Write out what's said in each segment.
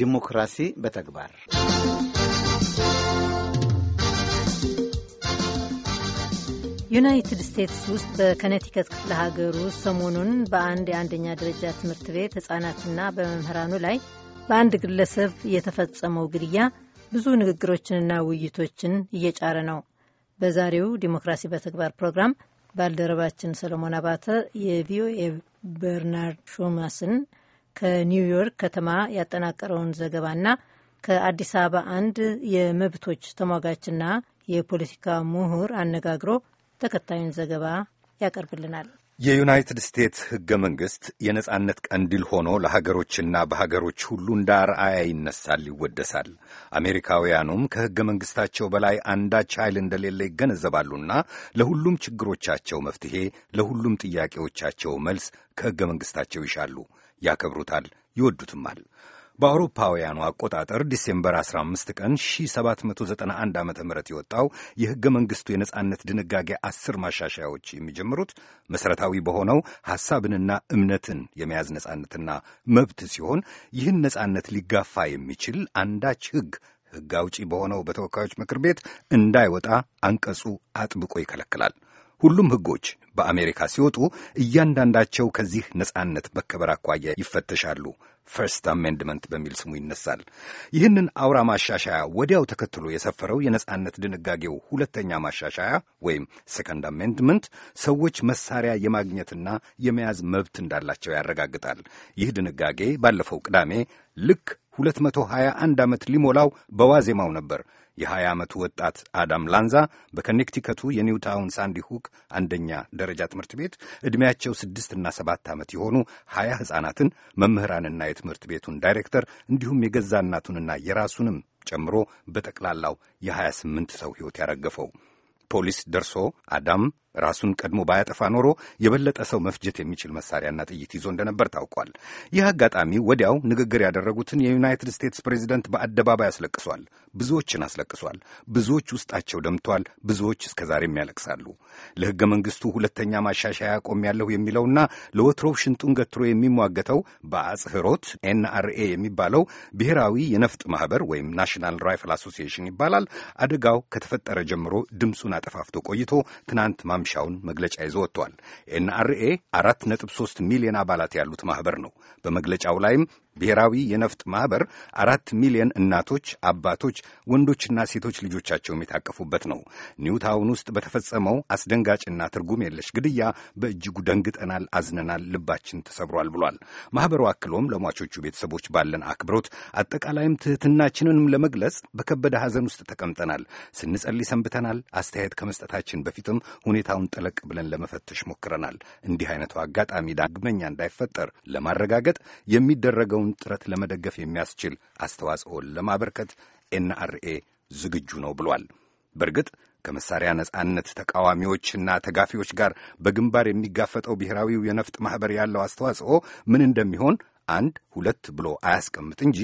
ዲሞክራሲ በተግባር ዩናይትድ ስቴትስ ውስጥ በከነቲከት ክፍለ ሀገር ውስጥ ሰሞኑን በአንድ የአንደኛ ደረጃ ትምህርት ቤት ሕፃናትና በመምህራኑ ላይ በአንድ ግለሰብ የተፈጸመው ግድያ ብዙ ንግግሮችንና ውይይቶችን እየጫረ ነው። በዛሬው ዲሞክራሲ በተግባር ፕሮግራም ባልደረባችን ሰለሞን አባተ የቪኦኤ በርናርድ ሾማስን ከኒውዮርክ ከተማ ያጠናቀረውን ዘገባና ከአዲስ አበባ አንድ የመብቶች ተሟጋችና የፖለቲካ ምሁር አነጋግሮ ተከታዩን ዘገባ ያቀርብልናል። የዩናይትድ ስቴትስ ሕገ መንግሥት የነጻነት ቀንዲል ሆኖ ለሀገሮችና በሀገሮች ሁሉ እንደ አርአያ ይነሳል፣ ይወደሳል። አሜሪካውያኑም ከሕገ መንግሥታቸው በላይ አንዳች ኃይል እንደሌለ ይገነዘባሉና ለሁሉም ችግሮቻቸው መፍትሔ፣ ለሁሉም ጥያቄዎቻቸው መልስ ከሕገ መንግሥታቸው ይሻሉ። ያከብሩታል፣ ይወዱትማል። በአውሮፓውያኑ አቆጣጠር ዲሴምበር 15 ቀን 1791 ዓ ም የወጣው የሕገ መንግሥቱ የነጻነት ድንጋጌ አስር ማሻሻያዎች የሚጀምሩት መሠረታዊ በሆነው ሐሳብንና እምነትን የመያዝ ነጻነትና መብት ሲሆን ይህን ነጻነት ሊጋፋ የሚችል አንዳች ሕግ ሕግ አውጪ በሆነው በተወካዮች ምክር ቤት እንዳይወጣ አንቀጹ አጥብቆ ይከለክላል። ሁሉም ሕጎች በአሜሪካ ሲወጡ እያንዳንዳቸው ከዚህ ነጻነት መከበር አኳያ ይፈተሻሉ። ፈርስት አሜንድመንት በሚል ስሙ ይነሳል። ይህንን አውራ ማሻሻያ ወዲያው ተከትሎ የሰፈረው የነጻነት ድንጋጌው ሁለተኛ ማሻሻያ ወይም ሰከንድ አሜንድመንት ሰዎች መሳሪያ የማግኘትና የመያዝ መብት እንዳላቸው ያረጋግጣል። ይህ ድንጋጌ ባለፈው ቅዳሜ ልክ 221 ዓመት ሊሞላው በዋዜማው ነበር የ20 ዓመቱ ወጣት አዳም ላንዛ በከኔክቲከቱ የኒውታውን ሳንዲ ሁክ አንደኛ ደረጃ ትምህርት ቤት ዕድሜያቸው ስድስትና ሰባት ዓመት የሆኑ ሀያ ሕፃናትን መምህራንና የትምህርት ቤቱን ዳይሬክተር እንዲሁም የገዛ እናቱንና የራሱንም ጨምሮ በጠቅላላው የ28 ሰው ሕይወት ያረገፈው ፖሊስ ደርሶ አዳም ራሱን ቀድሞ ባያጠፋ ኖሮ የበለጠ ሰው መፍጀት የሚችል መሳሪያና ጥይት ይዞ እንደነበር ታውቋል። ይህ አጋጣሚ ወዲያው ንግግር ያደረጉትን የዩናይትድ ስቴትስ ፕሬዚደንት በአደባባይ አስለቅሷል። ብዙዎችን አስለቅሷል። ብዙዎች ውስጣቸው ደምቷል። ብዙዎች እስከ ዛሬም ያለቅሳሉ። ለሕገ መንግሥቱ ሁለተኛ ማሻሻያ ቆሜያለሁ የሚለውና ለወትሮው ሽንጡን ገትሮ የሚሟገተው በአጽህሮት ኤንአርኤ የሚባለው ብሔራዊ የነፍጥ ማኅበር ወይም ናሽናል ራይፍል አሶሲዬሽን ይባላል። አደጋው ከተፈጠረ ጀምሮ ድምፁን አጠፋፍቶ ቆይቶ ትናንት ማምሻውን መግለጫ ይዞ ወጥቷል። ኤንአርኤ አራት ነጥብ ሶስት ሚሊዮን አባላት ያሉት ማኅበር ነው። በመግለጫው ላይም ብሔራዊ የነፍጥ ማኅበር አራት ሚሊዮን እናቶች፣ አባቶች፣ ወንዶችና ሴቶች ልጆቻቸውም የታቀፉበት ነው። ኒውታውን ውስጥ በተፈጸመው አስደንጋጭና ትርጉም የለሽ ግድያ በእጅጉ ደንግጠናል፣ አዝነናል፣ ልባችን ተሰብሯል ብሏል። ማኅበሩ አክሎም ለሟቾቹ ቤተሰቦች ባለን አክብሮት አጠቃላይም ትሕትናችንንም ለመግለጽ በከበደ ሐዘን ውስጥ ተቀምጠናል። ስንጸልይ ሰንብተናል። አስተያየት ከመስጠታችን በፊትም ሁኔታውን ጠለቅ ብለን ለመፈተሽ ሞክረናል። እንዲህ አይነቱ አጋጣሚ ዳግመኛ እንዳይፈጠር ለማረጋገጥ የሚደረገው የሚደረገውን ጥረት ለመደገፍ የሚያስችል አስተዋጽኦን ለማበርከት ኤንአርኤ ዝግጁ ነው ብሏል። በእርግጥ ከመሳሪያ ነጻነት ተቃዋሚዎችና ተጋፊዎች ጋር በግንባር የሚጋፈጠው ብሔራዊው የነፍጥ ማኅበር ያለው አስተዋጽኦ ምን እንደሚሆን አንድ ሁለት ብሎ አያስቀምጥ እንጂ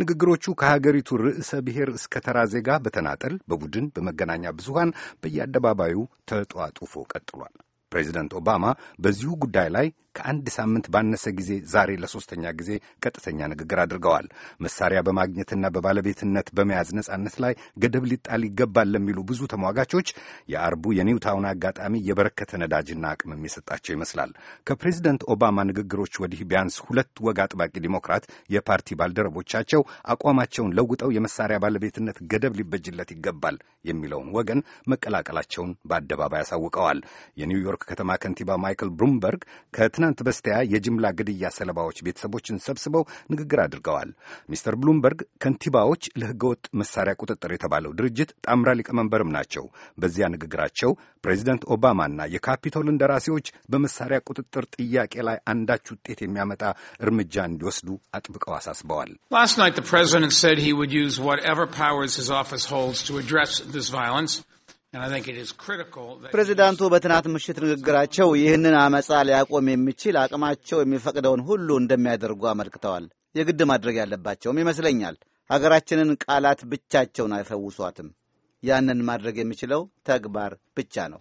ንግግሮቹ ከሀገሪቱ ርዕሰ ብሔር እስከ ተራ ዜጋ በተናጠል በቡድን በመገናኛ ብዙሃን በየአደባባዩ ተጧጡፎ ቀጥሏል። ፕሬዚደንት ኦባማ በዚሁ ጉዳይ ላይ ከአንድ ሳምንት ባነሰ ጊዜ ዛሬ ለሶስተኛ ጊዜ ቀጥተኛ ንግግር አድርገዋል። መሳሪያ በማግኘትና በባለቤትነት በመያዝ ነጻነት ላይ ገደብ ሊጣል ይገባል ለሚሉ ብዙ ተሟጋቾች የአርቡ የኒውታውን አጋጣሚ የበረከተ ነዳጅና አቅምም የሰጣቸው ይመስላል። ከፕሬዚደንት ኦባማ ንግግሮች ወዲህ ቢያንስ ሁለት ወግ አጥባቂ ዲሞክራት የፓርቲ ባልደረቦቻቸው አቋማቸውን ለውጠው የመሳሪያ ባለቤትነት ገደብ ሊበጅለት ይገባል የሚለውን ወገን መቀላቀላቸውን በአደባባይ አሳውቀዋል። የኒውዮርክ ኒውዮርክ ከተማ ከንቲባ ማይክል ብሉምበርግ ከትናንት በስቲያ የጅምላ ግድያ ሰለባዎች ቤተሰቦችን ሰብስበው ንግግር አድርገዋል። ሚስተር ብሉምበርግ ከንቲባዎች ለሕገወጥ መሳሪያ ቁጥጥር የተባለው ድርጅት ጣምራ ሊቀመንበርም ናቸው። በዚያ ንግግራቸው ፕሬዚደንት ኦባማና የካፒቶል እንደራሴዎች በመሳሪያ ቁጥጥር ጥያቄ ላይ አንዳች ውጤት የሚያመጣ እርምጃ እንዲወስዱ አጥብቀው አሳስበዋል። Last ፕሬዚደንት the president said ስ would ፕሬዚዳንቱ በትናት ምሽት ንግግራቸው ይህንን አመፃ ሊያቆም የሚችል አቅማቸው የሚፈቅደውን ሁሉ እንደሚያደርጉ አመልክተዋል። የግድ ማድረግ ያለባቸውም ይመስለኛል። ሀገራችንን ቃላት ብቻቸውን አይፈውሷትም። ያንን ማድረግ የሚችለው ተግባር ብቻ ነው።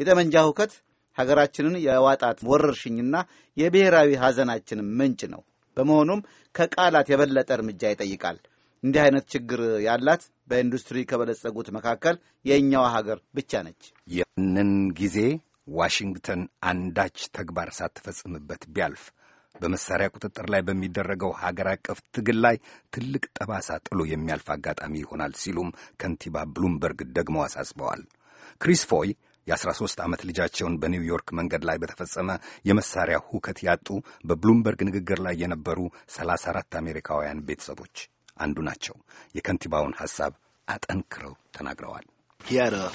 የጠመንጃ ሁከት ሀገራችንን የዋጣት ወረርሽኝና የብሔራዊ ሐዘናችን ምንጭ ነው። በመሆኑም ከቃላት የበለጠ እርምጃ ይጠይቃል። እንዲህ አይነት ችግር ያላት በኢንዱስትሪ ከበለጸጉት መካከል የእኛዋ ሀገር ብቻ ነች። ያንን ጊዜ ዋሽንግተን አንዳች ተግባር ሳትፈጽምበት ቢያልፍ በመሳሪያ ቁጥጥር ላይ በሚደረገው ሀገር አቀፍ ትግል ላይ ትልቅ ጠባሳ ጥሎ የሚያልፍ አጋጣሚ ይሆናል ሲሉም ከንቲባ ብሉምበርግ ደግሞ አሳስበዋል። ክሪስ ፎይ የ13 ዓመት ልጃቸውን በኒውዮርክ መንገድ ላይ በተፈጸመ የመሳሪያ ሁከት ያጡ በብሉምበርግ ንግግር ላይ የነበሩ 34 አሜሪካውያን ቤተሰቦች አንዱ ናቸው። የከንቲባውን ሐሳብ አጠንክረው ተናግረዋል። um,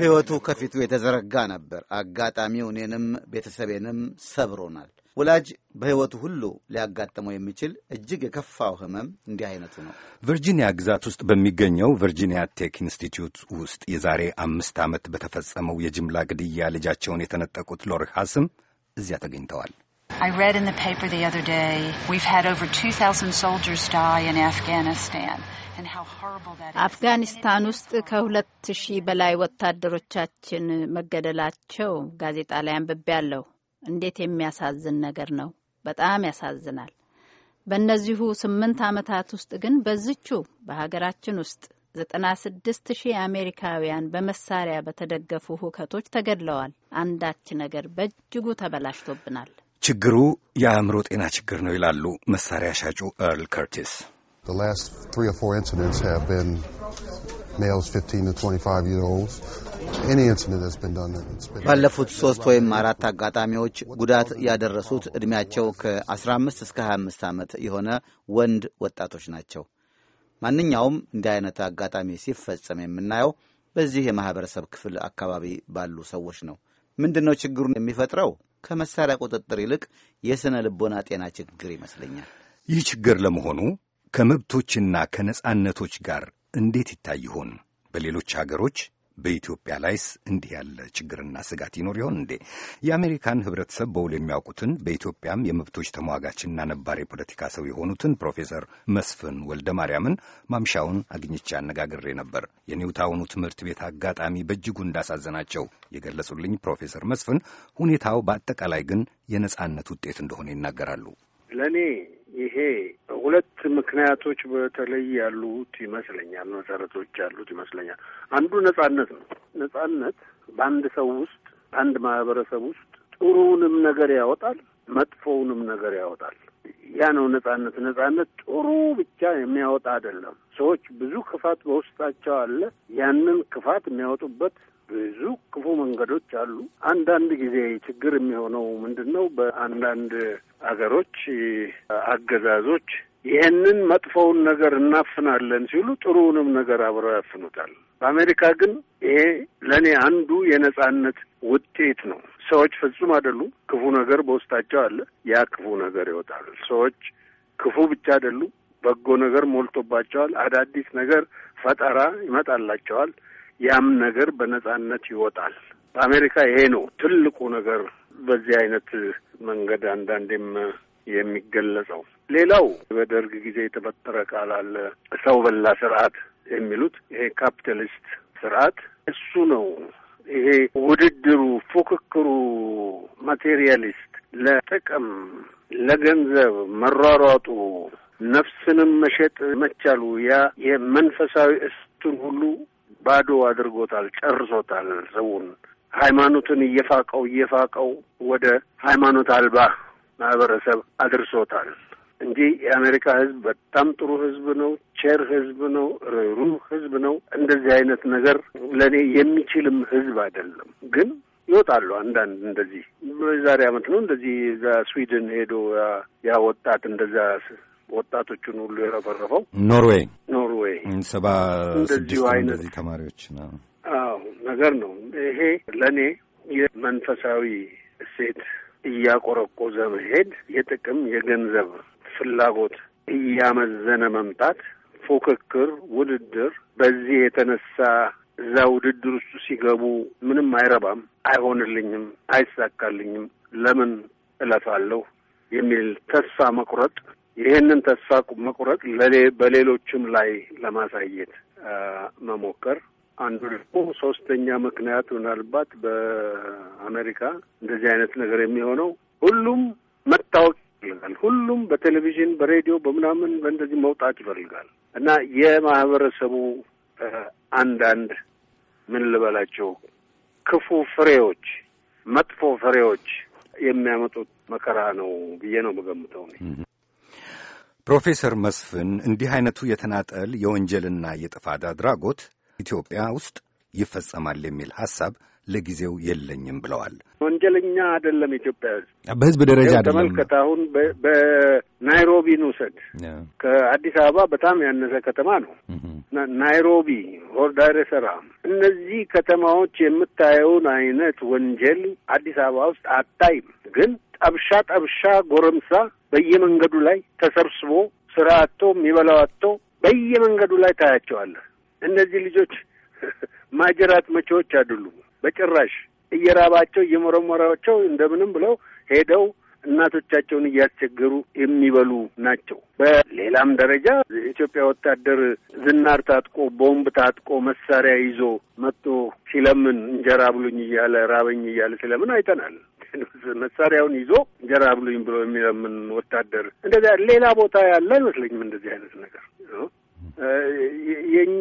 ሕይወቱ ከፊቱ የተዘረጋ ነበር። አጋጣሚው እኔንም ቤተሰቤንም ሰብሮናል። ወላጅ በሕይወቱ ሁሉ ሊያጋጥመው የሚችል እጅግ የከፋው ህመም እንዲህ አይነቱ ነው። ቨርጂኒያ ግዛት ውስጥ በሚገኘው ቨርጂኒያ ቴክ ኢንስቲትዩት ውስጥ የዛሬ አምስት ዓመት በተፈጸመው የጅምላ ግድያ ልጃቸውን የተነጠቁት ሎሪ ሃስም እዚያ ተገኝተዋል። አፍጋኒስታን ውስጥ ከሁለት ሺህ በላይ ወታደሮቻችን መገደላቸው ጋዜጣ ላይ አንብቤያለሁ። እንዴት የሚያሳዝን ነገር ነው! በጣም ያሳዝናል። በእነዚሁ ስምንት ዓመታት ውስጥ ግን በዝቹ በሀገራችን ውስጥ 96 ሺህ አሜሪካውያን በመሳሪያ በተደገፉ ሁከቶች ተገድለዋል። አንዳች ነገር በእጅጉ ተበላሽቶብናል። ችግሩ የአእምሮ ጤና ችግር ነው ይላሉ መሳሪያ ሻጩ ኤርል ከርቲስ። ባለፉት ሶስት ወይም አራት አጋጣሚዎች ጉዳት ያደረሱት ዕድሜያቸው ከ15 እስከ 25 ዓመት የሆነ ወንድ ወጣቶች ናቸው። ማንኛውም እንዲህ አይነት አጋጣሚ ሲፈጸም የምናየው በዚህ የማህበረሰብ ክፍል አካባቢ ባሉ ሰዎች ነው። ምንድን ነው ችግሩን የሚፈጥረው? ከመሳሪያ ቁጥጥር ይልቅ የሥነ ልቦና ጤና ችግር ይመስለኛል። ይህ ችግር ለመሆኑ ከመብቶችና ከነጻነቶች ጋር እንዴት ይታይ ይሆን? በሌሎች አገሮች በኢትዮጵያ ላይስ እንዲህ ያለ ችግርና ስጋት ይኖር ይሆን እንዴ? የአሜሪካን ህብረተሰብ በውል የሚያውቁትን በኢትዮጵያም የመብቶች ተሟጋችና ነባር የፖለቲካ ሰው የሆኑትን ፕሮፌሰር መስፍን ወልደ ማርያምን ማምሻውን አግኝቼ አነጋግሬ ነበር። የኒውታውኑ ትምህርት ቤት አጋጣሚ በእጅጉ እንዳሳዘናቸው የገለጹልኝ ፕሮፌሰር መስፍን ሁኔታው በአጠቃላይ ግን የነጻነት ውጤት እንደሆነ ይናገራሉ። ለእኔ ይሄ ሁለት ምክንያቶች በተለይ ያሉት ይመስለኛል፣ መሰረቶች ያሉት ይመስለኛል። አንዱ ነጻነት ነው። ነጻነት በአንድ ሰው ውስጥ አንድ ማህበረሰብ ውስጥ ጥሩውንም ነገር ያወጣል፣ መጥፎውንም ነገር ያወጣል። ያ ነው ነጻነት። ነጻነት ጥሩ ብቻ የሚያወጣ አይደለም። ሰዎች ብዙ ክፋት በውስጣቸው አለ። ያንን ክፋት የሚያወጡበት ብዙ ክፉ መንገዶች አሉ። አንዳንድ ጊዜ ችግር የሚሆነው ምንድን ነው? በአንዳንድ አገሮች አገዛዞች ይህንን መጥፎውን ነገር እናፍናለን ሲሉ ጥሩውንም ነገር አብረው ያፍኑታል። በአሜሪካ ግን ይሄ ለእኔ አንዱ የነጻነት ውጤት ነው። ሰዎች ፍጹም አይደሉም። ክፉ ነገር በውስጣቸው አለ። ያ ክፉ ነገር ይወጣል። ሰዎች ክፉ ብቻ አይደሉም። በጎ ነገር ሞልቶባቸዋል። አዳዲስ ነገር ፈጠራ ይመጣላቸዋል። ያም ነገር በነጻነት ይወጣል። በአሜሪካ ይሄ ነው ትልቁ ነገር በዚህ አይነት መንገድ አንዳንዴም የሚገለጸው። ሌላው በደርግ ጊዜ የተበጠረ ቃል አለ፣ ሰው በላ ስርዓት የሚሉት ይሄ ካፒታሊስት ስርዓት እሱ ነው። ይሄ ውድድሩ፣ ፉክክሩ፣ ማቴሪያሊስት ለጥቅም ለገንዘብ መሯሯጡ፣ ነፍስንም መሸጥ መቻሉ ያ የመንፈሳዊ እስቱን ሁሉ ባዶ አድርጎታል፣ ጨርሶታል ሰውን ሃይማኖቱን እየፋቀው እየፋቀው ወደ ሃይማኖት አልባ ማህበረሰብ አድርሶታል እንጂ የአሜሪካ ህዝብ በጣም ጥሩ ህዝብ ነው። ቸር ህዝብ ነው። ሩ ህዝብ ነው። እንደዚህ አይነት ነገር ለእኔ የሚችልም ህዝብ አይደለም ግን ይወጣሉ አንዳንድ እንደዚህ በዛሬ አመት ነው እንደዚህ እዛ ስዊድን ሄዶ ያ ወጣት እንደዛ ወጣቶቹን ሁሉ የረፈረፈው ኖርዌይ ኖርዌይ ሰባ ስድስት እንደዚህ ተማሪዎች ነው አዎ ነገር ነው ይሄ ለእኔ የመንፈሳዊ እሴት እያቆረቆዘ መሄድ፣ የጥቅም የገንዘብ ፍላጎት እያመዘነ መምጣት፣ ፉክክር፣ ውድድር በዚህ የተነሳ እዛ ውድድር ውስጥ ሲገቡ ምንም አይረባም፣ አይሆንልኝም፣ አይሳካልኝም፣ ለምን እለፋለሁ የሚል ተስፋ መቁረጥ ይህንን ተስፋ መቁረጥ በሌሎችም ላይ ለማሳየት መሞከር አንዱ ደግሞ ሶስተኛ ምክንያት ምናልባት በአሜሪካ እንደዚህ አይነት ነገር የሚሆነው ሁሉም መታወቅ ይፈልጋል። ሁሉም በቴሌቪዥን፣ በሬዲዮ፣ በምናምን በእንደዚህ መውጣት ይፈልጋል እና የማህበረሰቡ አንዳንድ ምን ልበላቸው ክፉ ፍሬዎች፣ መጥፎ ፍሬዎች የሚያመጡት መከራ ነው ብዬ ነው የምገምተው። ፕሮፌሰር መስፍን እንዲህ አይነቱ የተናጠል የወንጀልና የጥፋት አድራጎት ኢትዮጵያ ውስጥ ይፈጸማል የሚል ሐሳብ ለጊዜው የለኝም ብለዋል። ወንጀለኛ አይደለም ኢትዮጵያ ሕዝብ በህዝብ ደረጃ አይደለም። ተመልከት፣ አሁን በናይሮቢ ውሰድ። ከአዲስ አበባ በጣም ያነሰ ከተማ ነው ናይሮቢ፣ ሆርዳይረ እነዚህ ከተማዎች የምታየውን አይነት ወንጀል አዲስ አበባ ውስጥ አታይም። ግን ጠብሻ ጠብሻ ጎረምሳ በየመንገዱ ላይ ተሰብስቦ ስራ አቶ የሚበላው አቶ በየመንገዱ ላይ ታያቸዋለህ። እነዚህ ልጆች ማጀራት መቼዎች አይደሉም። በጭራሽ እየራባቸው እየመረመራቸው እንደምንም ብለው ሄደው እናቶቻቸውን እያስቸገሩ የሚበሉ ናቸው። በሌላም ደረጃ የኢትዮጵያ ወታደር ዝናር ታጥቆ ቦምብ ታጥቆ መሳሪያ ይዞ መጥቶ ሲለምን እንጀራ ብሉኝ እያለ ራበኝ እያለ ሲለምን አይተናል። መሳሪያውን ይዞ እንጀራ ብሉኝ ብሎ የሚለምን ወታደር እንደዚያ ሌላ ቦታ ያለ አይመስለኝም እንደዚህ አይነት ነገር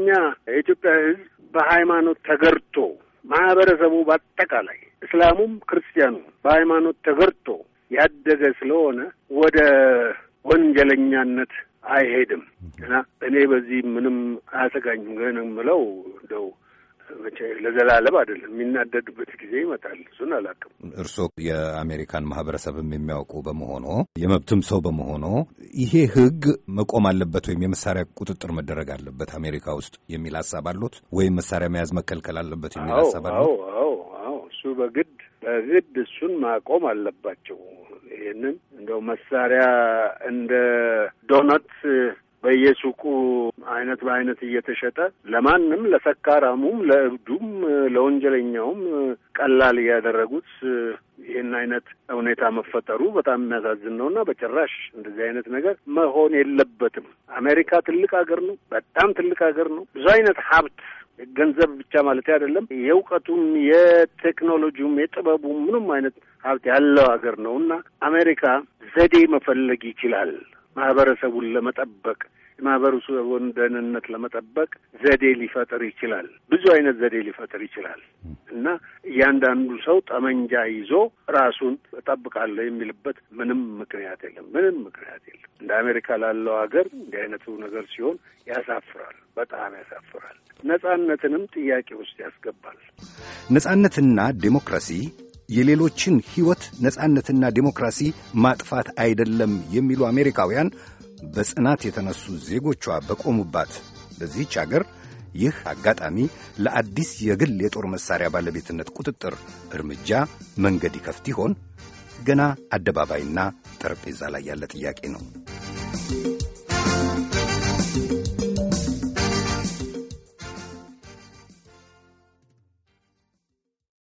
አንደኛ የኢትዮጵያ ሕዝብ በሃይማኖት ተገርቶ ማህበረሰቡ በአጠቃላይ እስላሙም ክርስቲያኑ በሃይማኖት ተገርቶ ያደገ ስለሆነ ወደ ወንጀለኛነት አይሄድም እና እኔ በዚህ ምንም አያሰጋኝም። ግን የምለው መቼ ለዘላለም አይደለም። የሚናደዱበት ጊዜ ይመጣል። እሱን አላውቅም። እርስዎ የአሜሪካን ማህበረሰብም የሚያውቁ በመሆኖ የመብትም ሰው በመሆኖ ይሄ ህግ መቆም አለበት ወይም የመሳሪያ ቁጥጥር መደረግ አለበት አሜሪካ ውስጥ የሚል ሀሳብ አሉት ወይም መሳሪያ መያዝ መከልከል አለበት የሚል ሀሳብ አሉት? አዎ፣ አዎ እሱ በግድ በግድ እሱን ማቆም አለባቸው። ይህንን እንደው መሳሪያ እንደ ዶነት በየሱቁ አይነት በአይነት እየተሸጠ ለማንም ለሰካራሙም፣ ለእብዱም፣ ለወንጀለኛውም ቀላል እያደረጉት ይህን አይነት ሁኔታ መፈጠሩ በጣም የሚያሳዝን ነው እና በጭራሽ እንደዚህ አይነት ነገር መሆን የለበትም። አሜሪካ ትልቅ ሀገር ነው። በጣም ትልቅ ሀገር ነው። ብዙ አይነት ሀብት ገንዘብ ብቻ ማለት አይደለም። የእውቀቱም፣ የቴክኖሎጂውም፣ የጥበቡም ምንም አይነት ሀብት ያለው ሀገር ነው እና አሜሪካ ዘዴ መፈለግ ይችላል። ማህበረሰቡን ለመጠበቅ የማህበረሰቡን ደህንነት ለመጠበቅ ዘዴ ሊፈጥር ይችላል። ብዙ አይነት ዘዴ ሊፈጥር ይችላል እና እያንዳንዱ ሰው ጠመንጃ ይዞ ራሱን እጠብቃለሁ የሚልበት ምንም ምክንያት የለም። ምንም ምክንያት የለም። እንደ አሜሪካ ላለው ሀገር እንዲህ አይነቱ ነገር ሲሆን ያሳፍራል፣ በጣም ያሳፍራል። ነጻነትንም ጥያቄ ውስጥ ያስገባል። ነጻነትና ዴሞክራሲ የሌሎችን ሕይወት ነጻነትና ዴሞክራሲ ማጥፋት አይደለም የሚሉ አሜሪካውያን በጽናት የተነሱ ዜጎቿ በቆሙባት በዚህች አገር ይህ አጋጣሚ ለአዲስ የግል የጦር መሣሪያ ባለቤትነት ቁጥጥር እርምጃ መንገድ ይከፍት ይሆን? ገና አደባባይና ጠረጴዛ ላይ ያለ ጥያቄ ነው።